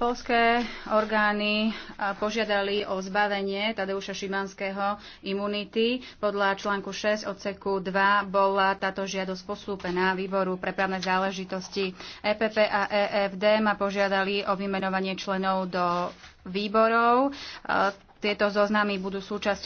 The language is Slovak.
Polské orgány požiadali o zbavenie Tadeuša Šimanského imunity. Podľa článku 6 odseku 2 bola táto žiadosť postúpená výboru pre právne záležitosti. EPP a EFD ma požiadali o vymenovanie členov do výborov. Tieto zoznamy budú súčasťou